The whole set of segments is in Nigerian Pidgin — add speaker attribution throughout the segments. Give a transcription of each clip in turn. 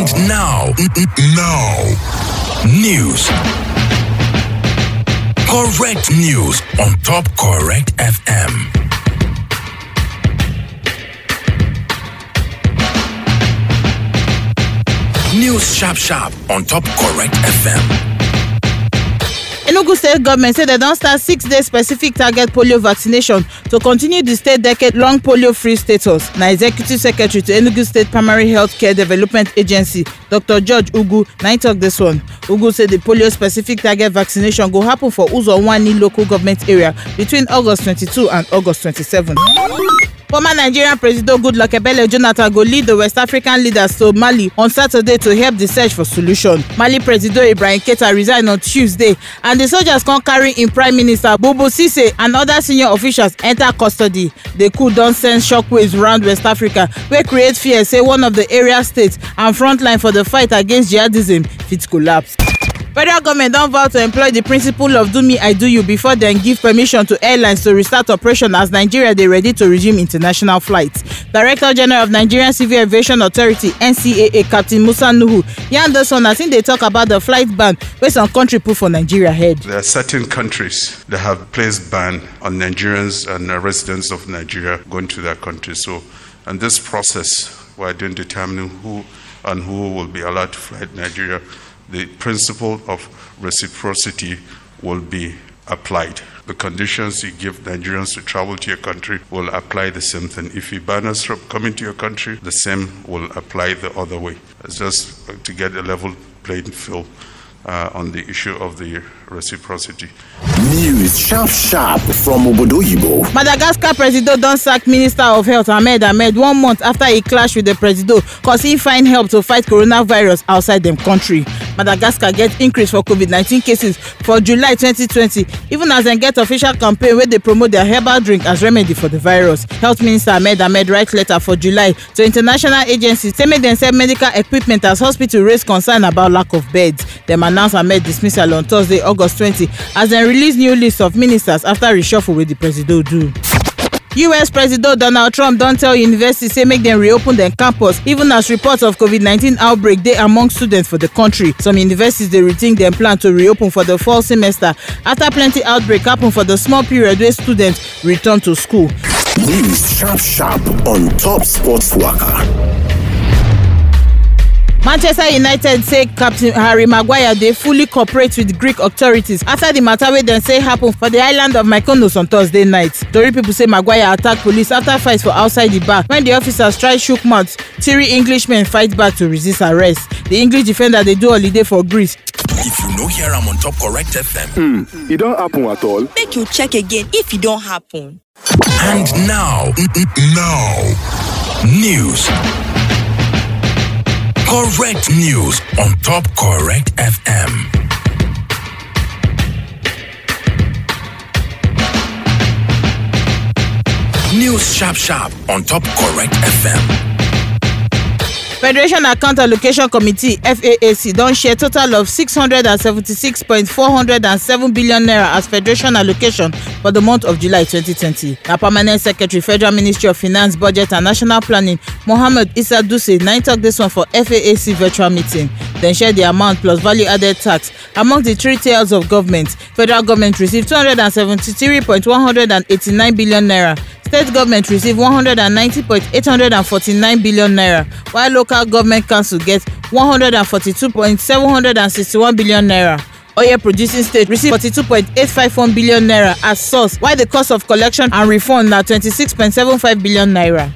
Speaker 1: And now, now, news. Correct news on Top Correct FM. News Sharp Sharp on Top Correct FM. Enugu state government say dem don start six day specific target polio vaccination to continue di state decade long polio free status na executive secretary to Enugu state primary health care development agency dr george ugwu na talk tok dis one ugwu say di polio specific target vaccination go happun for uzonwani local government area between august 22 and august 27. Former Nigerian President Goodluck Ebele Jonathan go lead the West African leaders to Mali on Saturday to help the search for solution. Mali President Ibrahim Keita resigned on Tuesday and the soldiers come carry im Prime Minister Bubu Sise and other senior officials enter custody. The coup don send shockwaves around West Africa wey create fear say one of the area states and frontline for the fight against jihadism fit collapse. Federal government don't vow to employ the principle of do me, I do you before then give permission to airlines to restart operation as Nigeria they ready to resume international flights. Director General of Nigerian Civil Aviation Authority NCAA Captain Musa Nuhu yarned this I think they talk about the flight ban based on country proof for Nigeria
Speaker 2: head. There are certain countries that have placed ban on Nigerians and residents of Nigeria going to their country. So, and this process, we're doing determining who and who will be allowed to fly to Nigeria the principle of reciprocity will be applied. The conditions you give Nigerians to travel to your country will apply the same thing. If you ban us from coming to your country, the same will apply the other way. It's just to get a level playing field uh, on the issue of the reciprocity. News sharp sharp from Obodoyibo.
Speaker 1: Madagascar president don sack Minister of Health Ahmed Ahmed one month after he clash with the president cause he find help to fight coronavirus outside dem country. madagascar get increase for covid-19 cases for july 2020 even as dem get official campaign wey dey promote their herbal drink as remedy for the virus health minister ahmed ahmed write letter for july to international agencies say make dem sell medical equipment as hospital raise concern about lack of beds dem announce ahmed dismissal on thursday august 20 as dem release new list of ministers after reshuffle wey di presido do us president donald trump don tell universities say make dem reopen dem campus even as reports of covid-19 outbreak dey among students for di country. some universities dey rethink dem plan to reopen for di fall semester after plenty outbreak happen for di small period wey students return to school
Speaker 2: news sharp sharp on top sports waka
Speaker 1: manchester united say captain harry maguire dey fully cooperate with greek authorities afta di mata wey dem say happun for di island of mykonos on thursday night tori pipo say maguire attack police afta fight for outside di bar wen di officers try chook mouth three englishmen fight back to resist arrest di english defender dey do holiday for greece
Speaker 2: if you no hear am on top correct
Speaker 1: fm hmm e don happen at all make you check again if e don happen. and now now news Correct news on Top Correct FM. News Sharp Sharp on Top Correct FM. federation account allocation committee faac don share total of six hundred and seventy-six point four hundred and seven billion naira as federation allocation for the month of july twenty twenty na permanent secretary federal ministry of finance budget and national planning mohammed issa duse na him talk this one for faac virtual meeting dem share di amount plus value added tax among di three tiers of government federal government receive two hundred and seventy-three point one hundred and eighty-nine billion naira State government receive 190.849 billion naira, while local government council gets 142.761 billion naira. oil producing state receive forty-two point eight five one billion naira as source while the cost of collection and refund na twenty-six point seven five billion naira.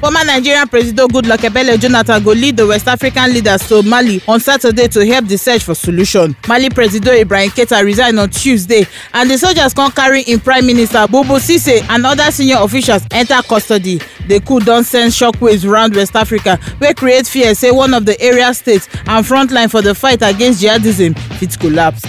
Speaker 1: Former Nigerian President Goodluck Ebele Jonathan go lead the West African leaders to Mali on Saturday to help the search for solution. Mali President Ibrahim Keita resigned on Tuesday and the soldiers come carry im Prime Minister Bobo Sise and other senior officials enter custody. The coup don send shockwaves round West Africa wey create fear say one of the area states and frontline for the fight against jihadism fit collapse.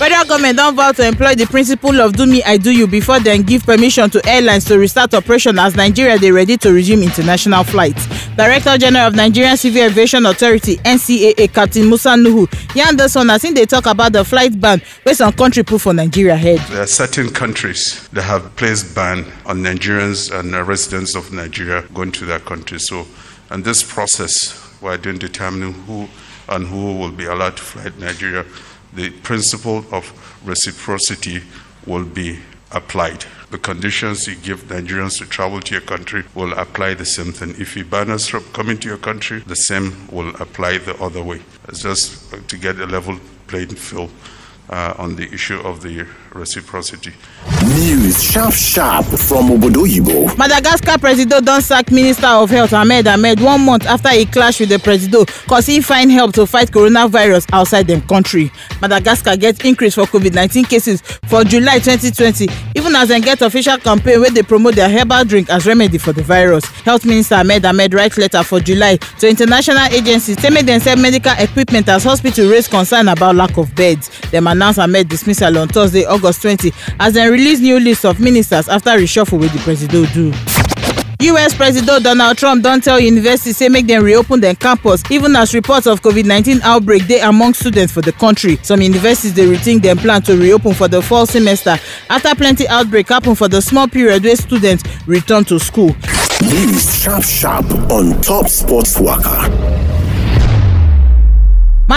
Speaker 1: Federal government do vow to employ the principle of do me, I do you before then give permission to airlines to restart operation as Nigeria they ready to resume international flights. Director General of Nigerian Civil Aviation Authority NCAA Captain Musa Nuhu yarn this one as they talk about the flight ban based on country proof for Nigeria head.
Speaker 2: There are certain countries that have placed ban on Nigerians and residents of Nigeria going to their country. So, and this process, we're doing determining who and who will be allowed to fly to Nigeria the principle of reciprocity will be applied. The conditions you give Nigerians to travel to your country will apply the same thing. If us from coming to your country, the same will apply the other way. It's just to get a level playing field uh, on the issue of the reciprocity. News sharp sharp from Obodoyibo.
Speaker 1: Madagascar president don sack Minister of Health Ahmed Ahmed one month after he clash with the president, cause he find help to fight coronavirus outside dem country. Madagascar get increase for COVID-19 cases for July 2020 even as dem get official campaign wey dey promote their herbal drink as remedy for the virus. Health Minister Ahmed Ahmed write letter for July to international agencies say make dem send medical equipment as hospital raise concern about lack of beds. Dem announce Ahmed dismissal on Thursday August 20 as dem release new list of ministers after reshuffle wey di president. do us president donald trump don tell universities say make dem reopen dem campus even as reports of covid-19 outbreak dey among students for di country some universities dey rethink dem plan to reopen for di fall semester after plenty outbreak happen for di small period wey students return to school
Speaker 2: news sharp sharp on top sports waka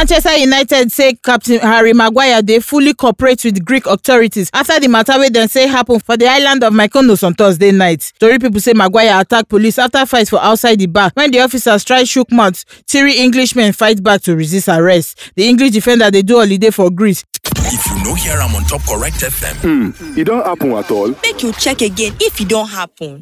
Speaker 1: manchester united say captain harry maguire dey fully cooperate with greek authorities after the matter wey dem say happun for the island of mykonos on thursday night tori pipo say maguire attack police after fight for outside the bar when the officers try chook mouth three englishmen fight back to resist arrest The english defender dey do holiday for greece if you no hear am on top correct fm. hmm e don happen at all. make you check again if it e don't happen.